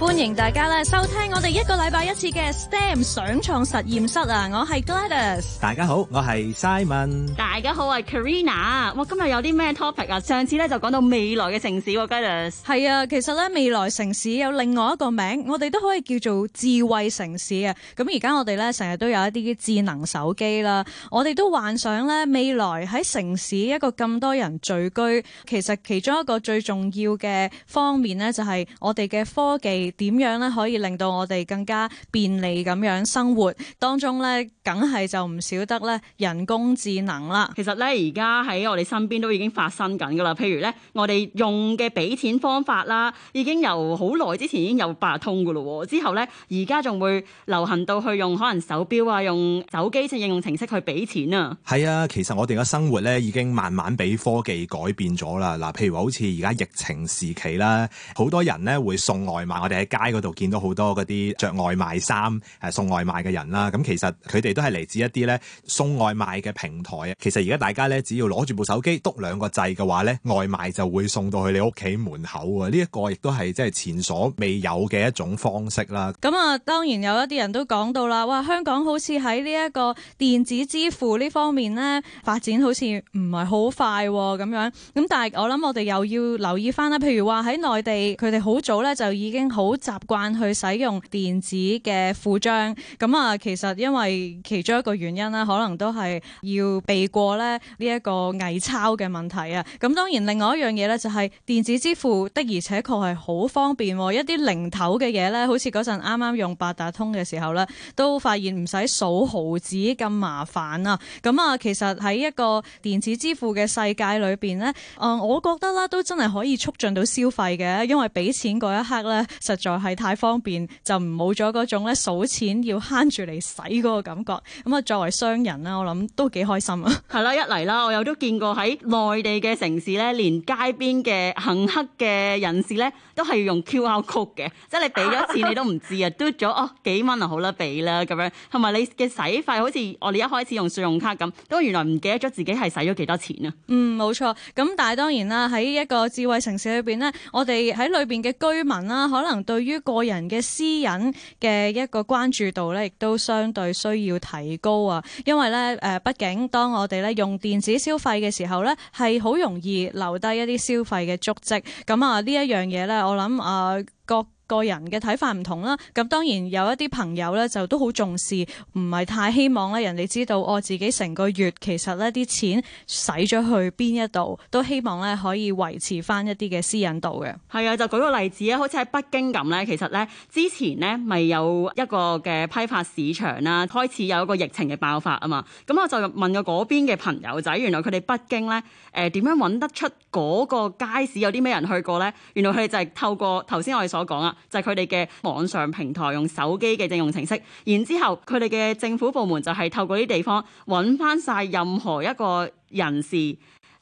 歡迎大家咧收聽我哋一個禮拜一次嘅 STEM 想創實驗室啊！我係 Gladys，大家好，我係 Simon，大家好啊 Karina 我今日有啲咩 topic 啊？上次咧就講到未來嘅城市，Gladys。係 Glad 啊，其實咧未來城市有另外一個名，我哋都可以叫做智慧城市啊。咁而家我哋咧成日都有一啲智能手機啦，我哋都幻想咧未來喺城市一個咁多人聚居，其實其中一個最重要嘅方面呢，就係、是、我哋嘅科技。點樣咧可以令到我哋更加便利咁樣生活？當中咧，梗係就唔少得咧人工智能啦。其實咧，而家喺我哋身邊都已經發生緊噶啦。譬如咧，我哋用嘅俾錢方法啦，已經由好耐之前已經有八達通噶咯。之後咧，而家仲會流行到去用可能手錶啊，用手機嘅應用程式去俾錢啊。係啊，其實我哋嘅生活咧已經慢慢俾科技改變咗啦。嗱，譬如話好似而家疫情時期啦，好多人咧會送外賣，我哋。喺街嗰度見到好多嗰啲着外賣衫，誒送外賣嘅人啦，咁其實，佢哋都係嚟自一啲咧送外賣嘅平台啊。其實而家大家咧只要攞住部手機篤兩個掣嘅話咧，外賣就會送到去你屋企門口啊！呢一個亦都係即係前所未有嘅一種方式啦。咁啊，當然有一啲人都講到啦，哇！香港好似喺呢一個電子支付呢方面咧發展好似唔係好快咁樣，咁但係我諗我哋又要留意翻啦，譬如話，喺內地佢哋好早咧就已經好。好習慣去使用電子嘅付張，咁啊，其實因為其中一個原因咧，可能都係要避過咧呢一個偽鈔嘅問題啊。咁當然另外一樣嘢呢，就係電子支付的而且確係好方便，一啲零頭嘅嘢呢，好似嗰陣啱啱用八達通嘅時候呢，都發現唔使數毫子咁麻煩啊。咁啊，其實喺一個電子支付嘅世界裏邊呢，誒，我覺得啦，都真係可以促進到消費嘅，因為俾錢嗰一刻呢，實在係太方便，就唔冇咗嗰種咧數錢要慳住嚟使嗰個感覺。咁啊，作為商人啦，我諗都幾開心啊。係啦，一嚟啦，我又都見過喺內地嘅城市咧，連街邊嘅行乞嘅人士咧，都係用 QR code 嘅。即係你俾咗錢，你都唔知啊，嘟咗 哦幾蚊啊，好啦，俾啦咁樣。同埋你嘅使費，好似我哋一開始用信用卡咁，都原來唔記得咗自己係使咗幾多錢啊。嗯，冇錯。咁但係當然啦，喺一個智慧城市裏邊咧，我哋喺裏邊嘅居民啦，可能。對於個人嘅私隱嘅一個關注度咧，亦都相對需要提高啊！因為咧，誒，畢竟當我哋咧用電子消費嘅時候咧，係好容易留低一啲消費嘅足跡。咁啊，呢一樣嘢咧，我諗啊，呃，各個人嘅睇法唔同啦，咁當然有一啲朋友咧就都好重視，唔係太希望咧人哋知道我自己成個月其實咧啲錢使咗去邊一度，都希望咧可以維持翻一啲嘅私隱度嘅。係啊，就舉個例子啊，好似喺北京咁咧，其實咧之前呢咪有一個嘅批發市場啦，開始有一個疫情嘅爆發啊嘛，咁我就問咗嗰邊嘅朋友仔，原來佢哋北京咧誒點樣揾得出嗰個街市有啲咩人去過咧？原來佢哋就係透過頭先我哋所講啊。就係佢哋嘅網上平台，用手機嘅應用程式，然之後佢哋嘅政府部門就係透過啲地方揾翻晒任何一個人士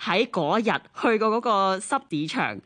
喺嗰日去過嗰個濕地場。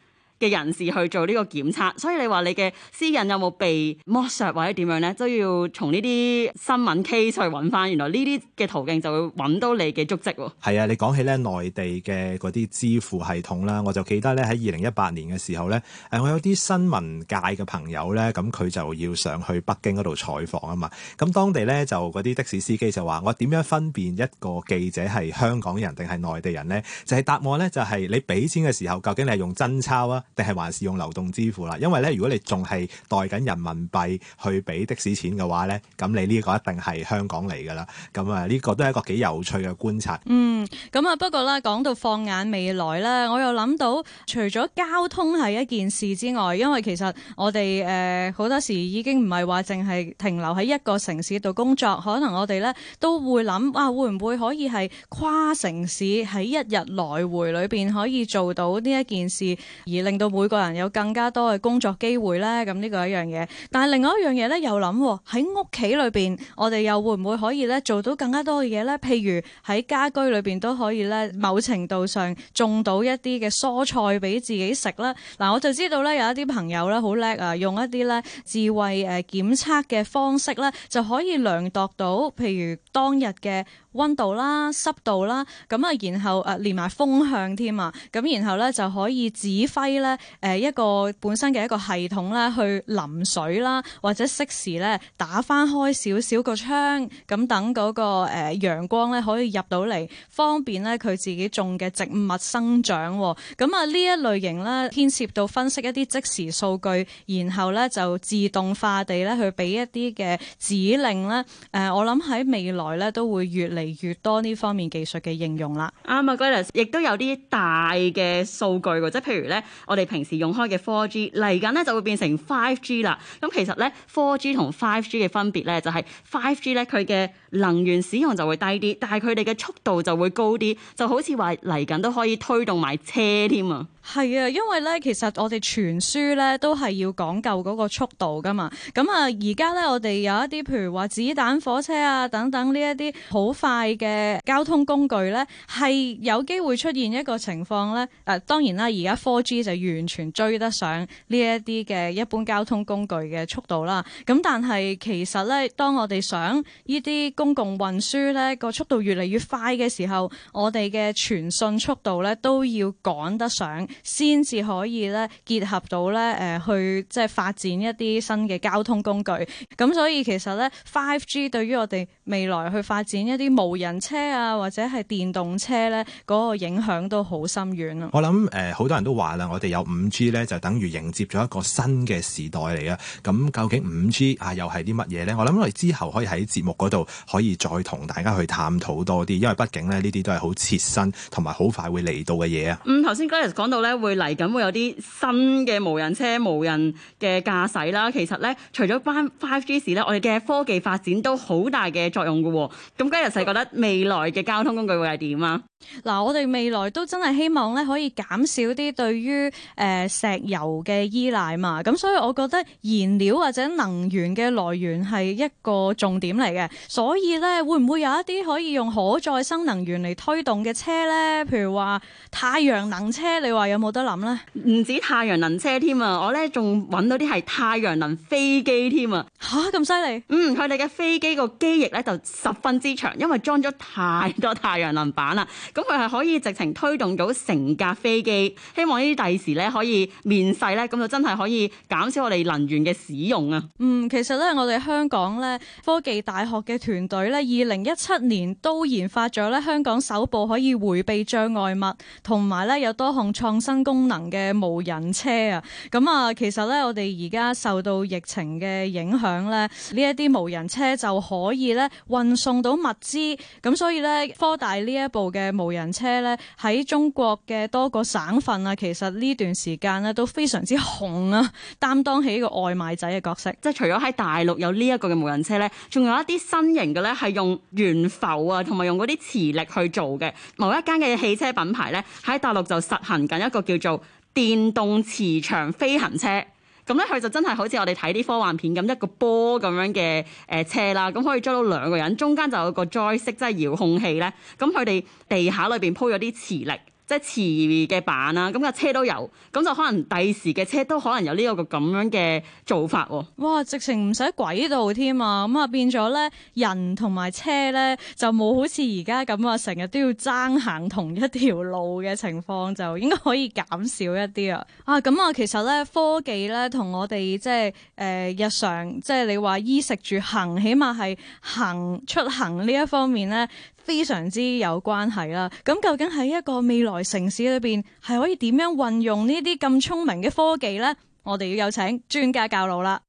嘅人士去做呢個檢測，所以你話你嘅私隱有冇被剝削或者點樣呢？都要從呢啲新聞 case 去揾翻。原來呢啲嘅途徑就會揾到你嘅足跡。係啊，你講起咧內地嘅嗰啲支付系統啦，我就記得咧喺二零一八年嘅時候呢，誒我有啲新聞界嘅朋友呢，咁佢就要上去北京嗰度採訪啊嘛。咁當地呢，就嗰啲的士司機就話：我點樣分辨一個記者係香港人定係內地人呢？就係答案呢，就係你俾錢嘅時候，究竟你係用真鈔啊？定係還是用流動支付啦，因為咧，如果你仲係袋緊人民幣去俾的士錢嘅話咧，咁你呢個一定係香港嚟噶啦。咁啊，呢個都係一個幾有趣嘅觀察。嗯，咁啊，不過咧，講到放眼未來咧，我又諗到，除咗交通係一件事之外，因為其實我哋誒好多時已經唔係話淨係停留喺一個城市度工作，可能我哋咧都會諗啊，會唔會可以係跨城市喺一日來回裏邊可以做到呢一件事，而令到到每個人有更加多嘅工作機會咧，咁呢個係一樣嘢。但係另外一樣嘢咧，又諗喺屋企裏邊，我哋又會唔會可以咧做到更加多嘅嘢咧？譬如喺家居裏邊都可以咧，某程度上種到一啲嘅蔬菜俾自己食啦。嗱，我就知道咧，有一啲朋友咧好叻啊，用一啲咧智慧誒檢測嘅方式咧，就可以量度到譬如當日嘅溫度啦、濕度啦，咁啊，然後誒、呃、連埋風向添啊，咁然後咧就可以指揮咧。誒，一個本身嘅一個系統咧，去淋水啦，或者適時咧打翻開少少個窗，咁等嗰個誒陽光咧可以入到嚟，方便咧佢自己種嘅植物生長。咁啊，呢一類型呢牽涉到分析一啲即時數據，然後咧就自動化地咧去俾一啲嘅指令咧。誒、呃，我諗喺未來咧都會越嚟越多呢方面技術嘅應用啦。啱啊，麥嘉良，亦都有啲大嘅數據喎，即係譬如咧，我哋。平時用開嘅 4G 嚟緊呢就會變成 5G 啦。咁其實呢 4G 同 5G 嘅分別呢就係 5G 呢，佢嘅能源使用就會低啲，但係佢哋嘅速度就會高啲，就好似話嚟緊都可以推動埋車添啊。係啊，因為呢，其實我哋傳輸呢都係要講究嗰個速度噶嘛。咁啊而家呢，我哋有一啲譬如話子彈火車啊等等呢一啲好快嘅交通工具呢，係有機會出現一個情況呢。誒當然啦，而家 4G 就越完全追得上呢一啲嘅一般交通工具嘅速度啦。咁但係其實咧，當我哋想呢啲公共運輸咧個速度越嚟越快嘅時候，我哋嘅傳訊速度咧都要趕得上，先至可以咧結合到咧誒去即係發展一啲新嘅交通工具。咁所以其實咧，5G 對於我哋未來去發展一啲無人車啊，或者係電動車咧，嗰個影響都好深遠啊！我諗誒，好多人都話啦，我哋有五 G 咧，就等於迎接咗一個新嘅時代嚟啊！咁究竟五 G 啊，又係啲乜嘢咧？我諗我哋之後可以喺節目嗰度可以再同大家去探討多啲，因為畢竟咧呢啲都係好切身同埋好快會嚟到嘅嘢啊！嗯，頭先 Grace 講到咧，會嚟緊會有啲新嘅無人車、無人嘅駕駛啦。其實咧，除咗關 Five G 時咧，我哋嘅科技發展都好大嘅。作用嘅喎、哦，咁今日就係覺得未來嘅交通工具會係點啊？嗱、啊，我哋未來都真係希望咧可以減少啲對於誒、呃、石油嘅依賴嘛，咁、嗯、所以我覺得燃料或者能源嘅來源係一個重點嚟嘅，所以咧會唔會有一啲可以用可再生能源嚟推動嘅車咧？譬如話太陽能車，你話有冇得諗咧？唔止太陽能車添啊，我咧仲揾到啲係太陽能飛機添啊！吓，咁犀利？嗯，佢哋嘅飛機個機翼咧就十分之長，因為裝咗太多太陽能板啦。咁佢係可以直情推動到成架飛機，希望呢啲第時咧可以面世咧，咁就真係可以減少我哋能源嘅使用啊。嗯，其實咧我哋香港咧科技大學嘅團隊咧，二零一七年都研發咗咧香港首部可以迴避障礙物同埋咧有多項創新功能嘅無人車啊。咁、嗯、啊，其實咧我哋而家受到疫情嘅影響咧，呢一啲無人車就可以咧運送到物資，咁所以咧科大呢一部嘅。無人車咧喺中國嘅多個省份啊，其實呢段時間咧都非常之紅啊，擔當起一個外賣仔嘅角色。即係除咗喺大陸有呢一個嘅無人車咧，仲有一啲新型嘅咧係用懸浮啊，同埋用嗰啲磁力去做嘅。某一間嘅汽車品牌咧喺大陸就實行緊一個叫做電動磁場飛行車。咁咧，佢就真係好似我哋睇啲科幻片咁，一個波咁樣嘅誒、呃、車啦，咁可以裝到兩個人，中間就有個 joystick，即係遙控器咧。咁佢哋地下裏邊鋪咗啲磁力。即係車嘅版啦，咁架車都有，咁就可能第時嘅車都可能有呢個咁樣嘅做法喎。哇！直情唔使軌道添啊，咁啊變咗咧人同埋車咧就冇好似而家咁啊，成日都要爭行同一條路嘅情況，就應該可以減少一啲啊。啊，咁啊其實咧科技咧同我哋即係誒日常，即係你話衣食住行，起碼係行出行呢一方面咧，非常之有關係啦！咁究竟喺一個未來城市裏邊，係可以點樣運用呢啲咁聰明嘅科技呢？我哋要有請專家教路啦！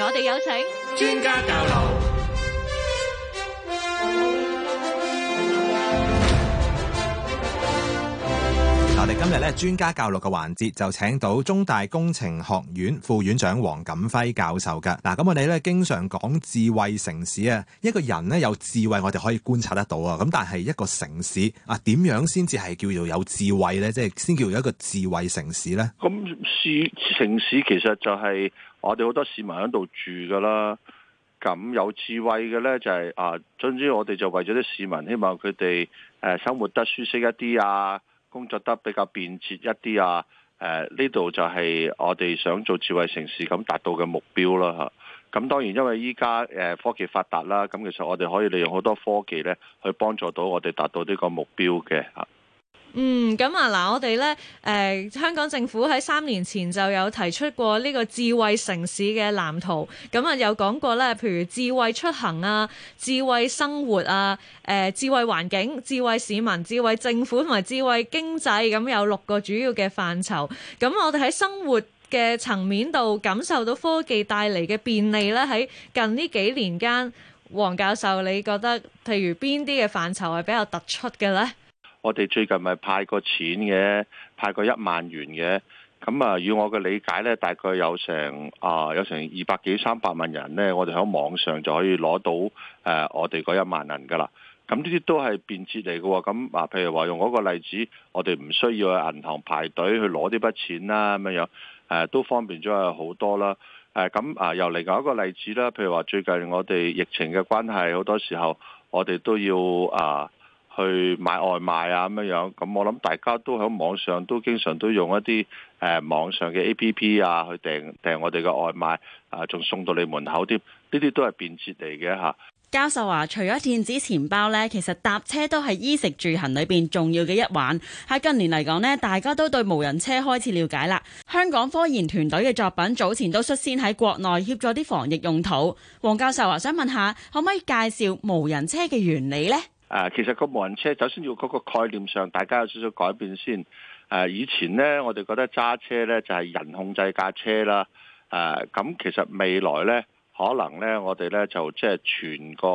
我哋有請專家教路。今日咧，專家教育嘅環節就請到中大工程學院副院長黃錦輝教授噶。嗱、啊，咁我哋咧，經常講智慧城市啊，一個人咧有智慧，我哋可以觀察得到啊。咁但係一個城市啊，點樣先至係叫做有智慧咧？即係先叫做一個智慧城市咧？咁市城市其實就係我哋好多市民喺度住噶啦。咁有智慧嘅咧，就係、是、啊，總之我哋就為咗啲市民，希望佢哋誒生活得舒適一啲啊。工作得比較便捷一啲啊！誒、呃，呢度就係我哋想做智慧城市咁達到嘅目標啦嚇。咁、啊、當然因為依家誒科技發達啦，咁、啊、其實我哋可以利用好多科技咧，去幫助到我哋達到呢個目標嘅嚇。啊嗯，咁啊嗱，我哋咧，誒，香港政府喺三年前就有提出過呢個智慧城市嘅藍圖，咁啊，有講過咧，譬如智慧出行啊、智慧生活啊、誒、呃，智慧環境、智慧市民、智慧政府同埋智慧經濟，咁有六個主要嘅範疇。咁我哋喺生活嘅層面度感受到科技帶嚟嘅便利咧，喺近呢幾年間，黃教授，你覺得譬如邊啲嘅範疇係比較突出嘅咧？我哋最近咪派過錢嘅，派過一萬元嘅，咁啊，以我嘅理解呢，大概有成啊，有成二百幾三百萬人呢。我哋喺網上就可以攞到誒、啊、我哋嗰一萬人噶啦。咁呢啲都係便捷嚟嘅喎。咁啊，譬如話用嗰個例子，我哋唔需要去銀行排隊去攞呢筆錢啦，咁樣誒、啊、都方便咗好多啦。誒咁啊，又嚟講一個例子啦，譬、啊、如話最近我哋疫情嘅關係，好多時候我哋都要啊。去買外賣啊，咁樣樣咁，我諗大家都喺網上都經常都用一啲誒、呃、網上嘅 A P P 啊，去訂訂我哋嘅外賣啊，仲送到你門口添、啊。呢啲都係便捷地嘅吓。教授話、啊，除咗電子錢包呢，其實搭車都係衣食住行裏邊重要嘅一環。喺近年嚟講呢，大家都對無人車開始了解啦。香港科研團隊嘅作品早前都率先喺國內協助啲防疫用途。黃教授話、啊，想問下可唔可以介紹無人車嘅原理呢？誒，其實個無人車首先要嗰個概念上，大家有少少改變先。誒，以前咧，我哋覺得揸車咧就係、是、人控制架車啦。誒、啊，咁其實未來咧，可能咧，我哋咧就即係全個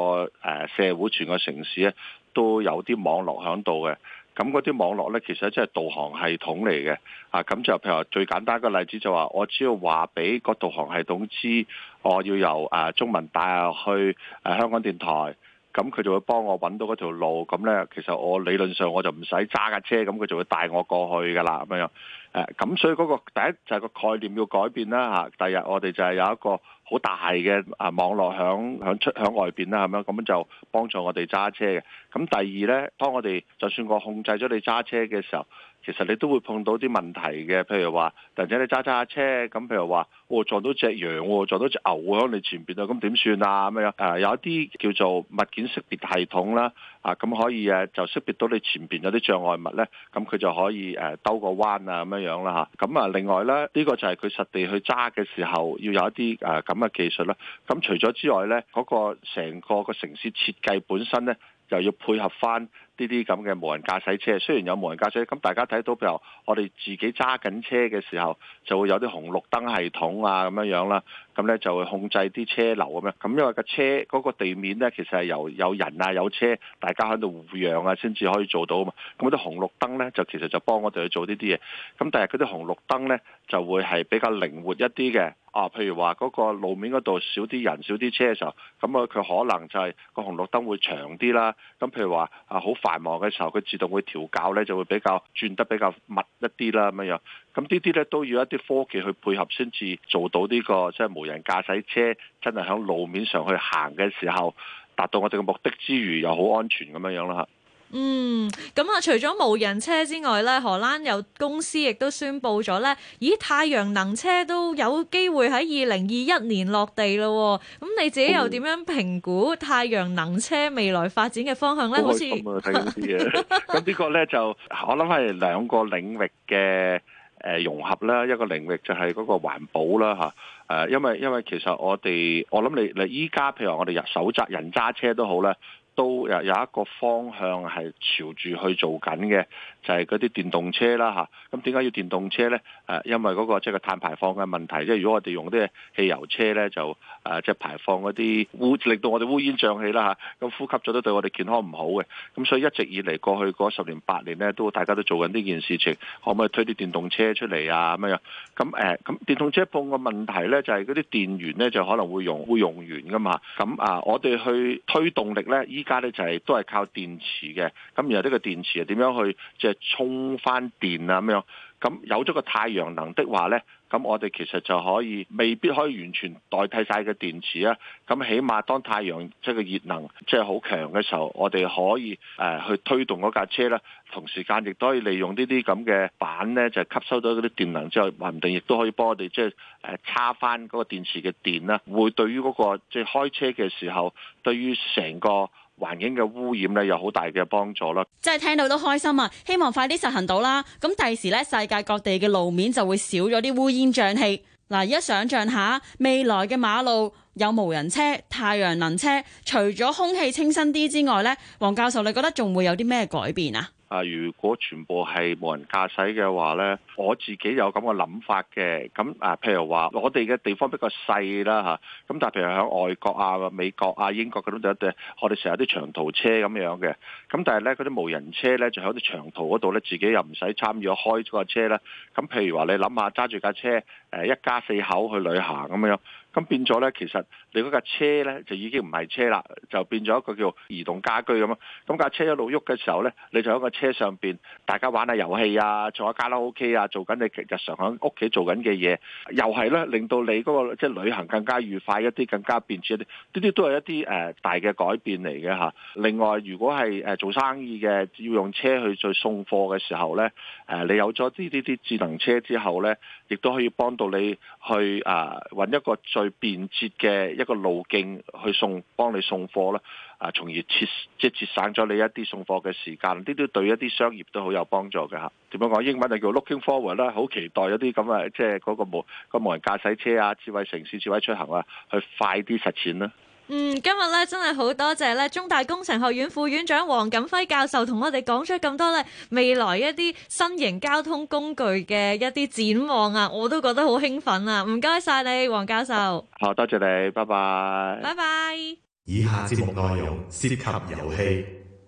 誒社會、全個城市咧都有啲網絡響度嘅。咁嗰啲網絡咧，其實即係導航系統嚟嘅。啊，咁就譬如話最簡單個例子就話、是，我只要話俾個導航系統知，我要由誒中文帶入去誒香港電台。咁佢就會幫我揾到嗰條路，咁呢，其實我理論上我就唔使揸架車，咁佢就會帶我過去噶啦，咁樣樣。咁所以嗰、嗰個第一就係、係、個概念要改變啦嚇，第二我哋就係有一個好大嘅啊網絡響響出響外邊啦，咁樣咁就幫助我哋揸車嘅。咁第二呢，當我哋就算我控制咗你揸車嘅時候。其實你都會碰到啲問題嘅，譬如話，突然間你揸揸下車，咁譬如話，我、哦、撞到隻羊、哦、撞到隻牛喎，響你前邊啊，咁點算啊咁樣？誒，有一啲叫做物件識別系統啦，啊，咁可以誒，就識別到你前邊有啲障礙物咧，咁、啊、佢就可以誒兜、啊、個彎啊，咁樣樣啦嚇。咁啊，另外咧，呢、呢個就係佢實地去揸嘅時候，要有一啲誒咁嘅技術啦。咁、啊、除咗之外咧，嗰、嗰個成個個城市設計本身咧，又要配合返。呢啲咁嘅無人駕駛車，雖然有無人駕駛，咁大家睇到譬如我哋自己揸緊車嘅時候，就會有啲紅綠燈系統啊咁樣樣啦，咁咧就會控制啲車流咁樣，咁因為個車嗰個地面咧，其實係由有人啊、有車大家喺度互讓啊，先至可以做到啊嘛。咁啲紅綠燈咧，就其實就幫我哋去做呢啲嘢。咁但係嗰啲紅綠燈咧，就會係比較靈活一啲嘅。啊，譬如話嗰個路面嗰度少啲人、少啲車嘅時候，咁啊佢可能就係個紅綠燈會長啲啦。咁譬如話，啊，好繁忙嘅時候，佢自動會調校咧，就會比較轉得比較密一啲啦咁樣。咁呢啲咧都要一啲科技去配合，先至做到呢個即係無人駕駛車真係響路面上去行嘅時候，達到我哋嘅目的之餘，又好安全咁樣樣啦嚇。嗯，咁啊，除咗無人車之外咧，荷蘭有公司亦都宣布咗咧，咦，太陽能車都有機會喺二零二一年落地咯。咁你自己又點樣評估太陽能車未來發展嘅方向咧？好似睇呢啲嘢，咁呢個咧就我諗係兩個領域嘅誒融合啦，一個領域就係嗰個環保啦嚇。誒，因為因為其實我哋我諗你你依家譬如我哋入手揸人揸車都好啦。都有有一個方向係朝住去做緊嘅。就係嗰啲電動車啦吓，咁點解要電動車咧？誒、啊，因為嗰、那個即係個碳排放嘅問題，即係如果我哋用啲汽油車咧，就誒即係排放嗰啲污，令到我哋烏煙瘴氣啦吓，咁、啊啊、呼吸咗都對我哋健康唔好嘅。咁、啊、所以一直以嚟過去嗰十年八年咧，都大家都做緊呢件事情，可唔可以推啲電動車出嚟啊？咁樣咁誒，咁、啊、電動車碰個問題咧，就係嗰啲電源咧，就可能會用會用完噶嘛。咁啊，我哋去推動力咧，依家咧就係、是、都係靠電池嘅。咁然後呢個電池係點樣去即係？就是充翻電啊，咁樣？咁有咗個太陽能的話呢，咁我哋其實就可以未必可以完全代替晒個電池啊。咁起碼當太陽即係個熱能即係好強嘅時候，我哋可以誒、呃、去推動嗰架車啦。同時間亦都可以利用呢啲咁嘅板呢，就是、吸收到嗰啲電能之後，話唔定亦都可以幫我哋即係誒叉翻嗰個電池嘅電啦。會對於嗰、那個即係、就是、開車嘅時候，對於成個環境嘅污染咧，有好大嘅幫助啦，真係聽到都開心啊！希望快啲實行到啦，咁第時咧，世界各地嘅路面就會少咗啲烏煙瘴氣。嗱，而家想象下未來嘅馬路有無人車、太陽能車，除咗空氣清新啲之外咧，黃教授你覺得仲會有啲咩改變啊？啊！如果全部係無人駕駛嘅話咧，我自己有咁嘅諗法嘅。咁啊，譬如話我哋嘅地方比較細啦嚇，咁、啊、但係譬如喺外國啊、美國啊、英國嗰度，我哋成日啲長途車咁樣嘅。咁但係咧，嗰啲無人車咧，就喺啲長途嗰度咧，自己又唔使參與開咗架車啦。咁譬如話，你諗下揸住架車，誒一家四口去旅行咁樣，咁變咗咧，其實。你嗰架車咧就已經唔係車啦，就變咗一個叫移動家居咁樣啊！咁、那、架、個、車一路喐嘅時候咧，你就喺個車上邊，大家玩下遊戲啊，做下卡拉 OK 啊，做緊你日常喺屋企做緊嘅嘢，又係咧令到你嗰、那個即係、就是、旅行更加愉快一啲，更加便捷一啲，呢啲都係一啲誒、呃、大嘅改變嚟嘅吓。另外，如果係誒做生意嘅要用車去再送貨嘅時候咧，誒、呃、你有咗呢呢啲智能車之後咧，亦都可以幫到你去啊揾、呃、一個最便捷嘅一個路徑去送幫你送貨啦，啊，從而節即係節省咗你一啲送貨嘅時間，呢啲對一啲商業都好有幫助嘅吓。點樣講？英文就叫 looking forward 啦，好期待一啲咁嘅即係嗰個無、個無人駕駛車啊，智慧城市、智慧出行啊，去快啲實踐啦。嗯，今日咧真係好多謝咧中大工程學院副院長黃錦輝教授同我哋講出咁多咧未來一啲新型交通工具嘅一啲展望啊，我都覺得好興奮啊！唔該晒你，黃教授。好，哦，多謝，謝你，拜拜。拜拜 Bye bye。以下節目內容涉及遊戲，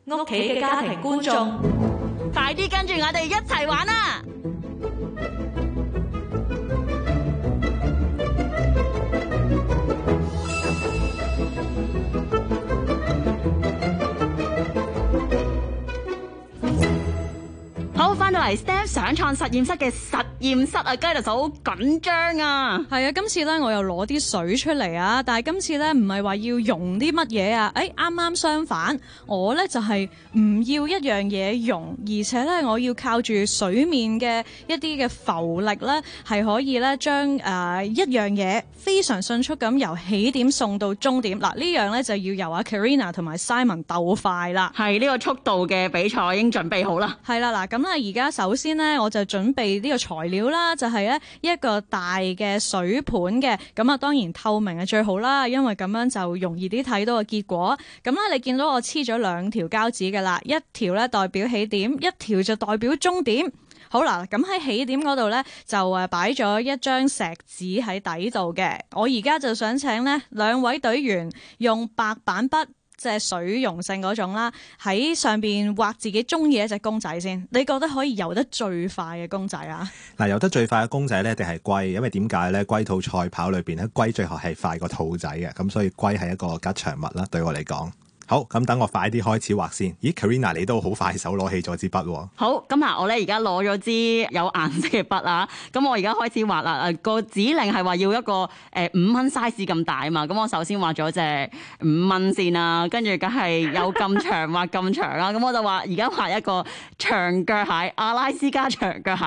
屋企嘅家、家、家庭觀眾，快啲跟住我哋一齊玩啊！翻到嚟 Steps 上創實驗室嘅實驗室啊，雞頭就好緊張啊！係啊，今次咧我又攞啲水出嚟啊，但係今次咧唔係話要溶啲乜嘢啊，誒、欸，啱啱相反，我咧就係、是、唔要一樣嘢溶，而且咧我要靠住水面嘅一啲嘅浮力咧，係可以咧將誒一樣嘢非常迅速咁由起點送到終點。嗱呢樣咧就要由阿 Karina 同埋 Simon 鬥快啦，係呢個速度嘅比賽已經準備好啦。係啦、啊，嗱咁咧而而家首先呢，我就準備呢個材料啦，就係呢一個大嘅水盤嘅，咁啊當然透明係最好啦，因為咁樣就容易啲睇到個結果。咁啦，你見到我黐咗兩條膠紙噶啦，一條呢代表起點，一條就代表終點。好啦，咁喺起點嗰度呢，就誒擺咗一張石紙喺底度嘅。我而家就想請呢兩位隊員用白板筆。即係水溶性嗰種啦，喺上邊畫自己中意一隻公仔先。你覺得可以游得最快嘅公仔啊？嗱，游得最快嘅公仔咧，一定係龜，因為點解咧？龜兔賽跑裏邊咧，龜最後係快過兔仔嘅，咁所以龜係一個吉祥物啦。對我嚟講。好，咁等我快啲開始畫先。咦，Karina 你都好快手攞起咗支筆。好，咁嗱，我咧而家攞咗支有顏色嘅筆啊。咁我而家開始畫啦。個、呃、指令係話要一個誒、呃、五蚊 size 咁大啊嘛。咁我首先畫咗隻五蚊先啊。跟住梗係有咁長畫咁長啦、啊。咁 我就話而家畫一個長腳蟹，阿拉斯加長腳蟹。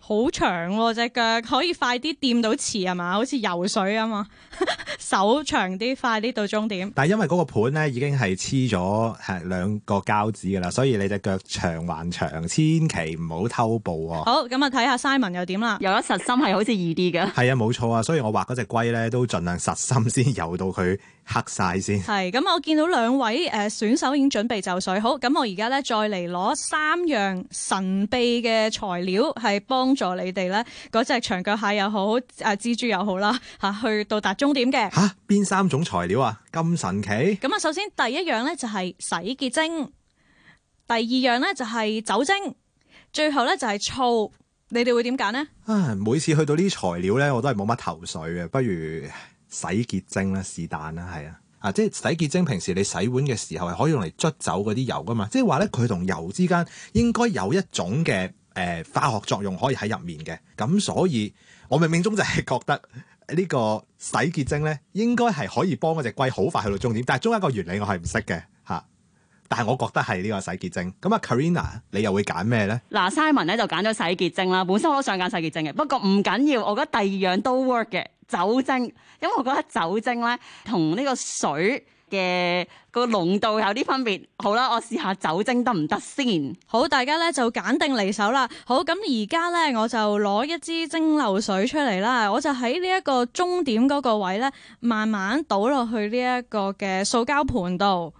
好長喎、哦、隻腳，可以快啲掂到池係咪？好似游水啊嘛， 手長啲，快啲到終點。但係因為嗰個盤咧已經係。黐咗係兩個膠紙噶啦，所以你隻腳長還長，千祈唔好偷步喎。好，咁就睇下 Simon 又點啦？有咗實心係好似易啲嘅。係啊，冇錯啊，所以我畫嗰隻龜咧都盡量實心先游到佢。黑晒先，係咁我見到兩位誒、呃、選手已經準備就緒，好咁我而家咧再嚟攞三樣神秘嘅材料係幫助你哋咧，嗰隻長腳蟹又好，誒、啊、蜘蛛又好啦吓、啊，去到達終點嘅吓，邊、啊、三種材料啊？咁神奇！咁啊，首先第一樣咧就係洗潔精，第二樣咧就係酒精，最後咧就係醋。你哋會點揀呢？啊，每次去到呢啲材料咧，我都係冇乜頭緒嘅，不如。洗潔精啦，是但啦，係啊，啊即係洗潔精，平時你洗碗嘅時候係可以用嚟捽走嗰啲油噶嘛，即係話咧佢同油之間應該有一種嘅誒、呃、化學作用可以喺入面嘅，咁所以我冥冥中就係覺得呢個洗潔精咧應該係可以幫嗰隻龜好快去到終點，但係中間一個原理我係唔識嘅。但係我覺得係呢個洗潔精咁啊，Karina 你又會揀咩呢？嗱，Simon 咧就揀咗洗潔精啦。本身我都想揀洗潔精嘅，不過唔緊要，我覺得第二樣都 work 嘅酒精，因為我覺得酒精呢同呢個水嘅個濃度有啲分別。好啦，我試下酒精得唔得先？好，大家呢就揀定離手啦。好，咁而家呢，我就攞一支蒸餾水出嚟啦，我就喺呢一個終點嗰個位呢，慢慢倒落去呢一個嘅塑膠盤度。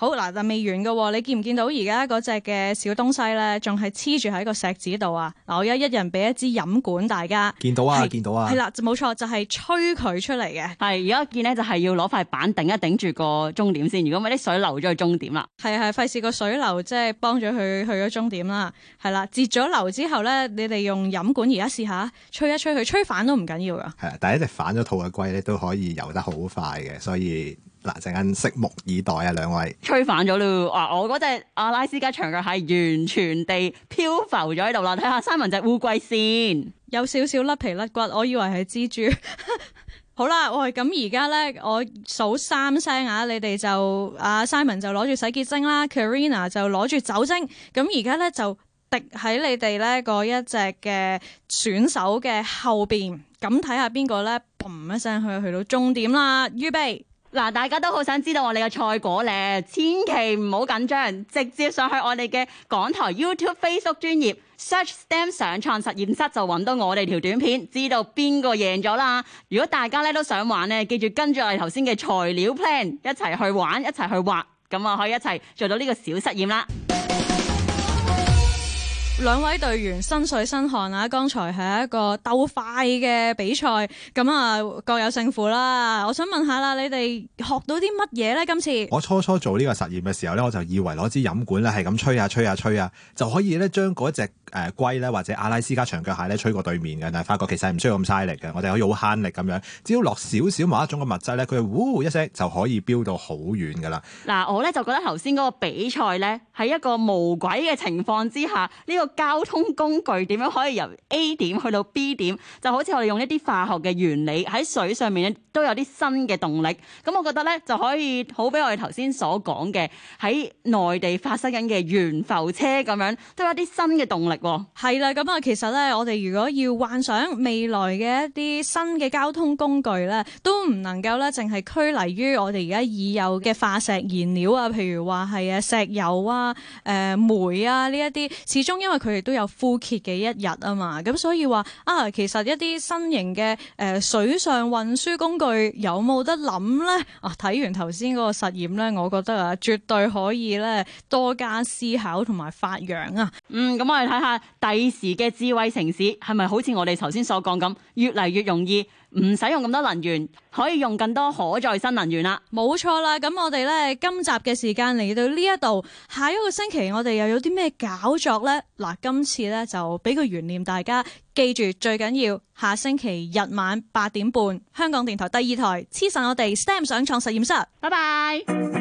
好嗱，但未完噶，你見唔見到而家嗰隻嘅小東西咧，仲係黐住喺個石子度啊？嗱，我一人一人俾一支飲管，大家見到啊，見到啊，係啦，冇錯，就係、是、吹佢出嚟嘅。係而家見咧，就係要攞塊板頂一頂住個終點先。如果唔係啲水流咗去終點啦。係啊係，費事個水流即係幫咗佢去咗終點啦。係啦，截咗流之後咧，你哋用飲管而家試下吹一吹佢，吹反都唔緊要噶。係，但係一隻反咗肚嘅龜咧都可以游得好快嘅，所以。嗱，陣間拭目以待啊！兩位吹反咗啦，哇我嗰隻阿拉斯加長腳蟹完全地漂浮咗喺度啦。睇下 Simon 隻烏龜先，有少少甩皮甩骨，我以為係蜘蛛。 好啦，喂，咁而家咧，我數三聲啊，你哋就阿 Simon 就攞住洗潔精啦，Carina 就攞住酒精。咁而家咧就滴喺你哋咧個一隻嘅選手嘅後邊，咁睇下邊個咧嘭一聲去去到終點啦。預備。嗱，大家都好想知道我哋嘅賽果咧，千祈唔好緊張，直接上去我哋嘅港台 YouTube、Facebook 專頁，search STEM 上創實驗室就揾到我哋條短片，知道邊個贏咗啦。如果大家咧都想玩咧，記住跟住我哋頭先嘅材料 plan 一齊去玩，一齊去畫，咁啊可以一齊做到呢個小實驗啦。兩位隊員身水身汗啊！剛才係一個鬥快嘅比賽，咁啊各有勝負啦。我想問下啦，你哋學到啲乜嘢咧？今次我初初做呢個實驗嘅時候咧，我就以為攞支飲管咧係咁吹啊吹啊吹啊，就可以咧將嗰隻。誒龜咧，或者阿拉斯加長腳蟹咧，吹過對面嘅，但係發覺其實係唔需要咁嘥力嘅，我哋可以好慳力咁樣，只要落少少某種、呃、一種嘅物質咧，佢嗚一聲就可以飆到好遠噶啦。嗱、呃，我咧就覺得頭先嗰個比賽咧，喺一個無軌嘅情況之下，呢、這個交通工具點樣可以由 A 點去到 B 點，就好似我哋用一啲化學嘅原理喺水上面咧都有啲新嘅動力。咁、嗯、我覺得咧就可以好比我哋頭先所講嘅喺內地發生緊嘅懸浮車咁樣，都有一啲新嘅動力。係啦，咁啊、哦，其實咧，我哋如果要幻想未來嘅一啲新嘅交通工具咧，都唔能夠咧，淨係拘泥於我哋而家已有嘅化石燃料啊，譬如話係啊石油啊、誒、呃、煤啊呢一啲，始終因為佢哋都有枯竭嘅一日啊嘛，咁所以話啊，其實一啲新型嘅誒水上運輸工具有冇得諗呢？啊，睇完頭先嗰個實驗咧，我覺得啊，絕對可以咧多加思考同埋發揚啊。嗯，咁我哋睇下。第時嘅智慧城市係咪好似我哋頭先所講咁，越嚟越容易唔使用咁多能源，可以用更多可再生能源啦？冇錯啦，咁我哋呢，今集嘅時間嚟到呢一度，下一個星期我哋又有啲咩搞作呢？嗱，今次呢，就俾個懸念大家，記住最緊要下星期日晚八點半，香港電台第二台黐實我哋 STEM 想創實驗室，拜拜。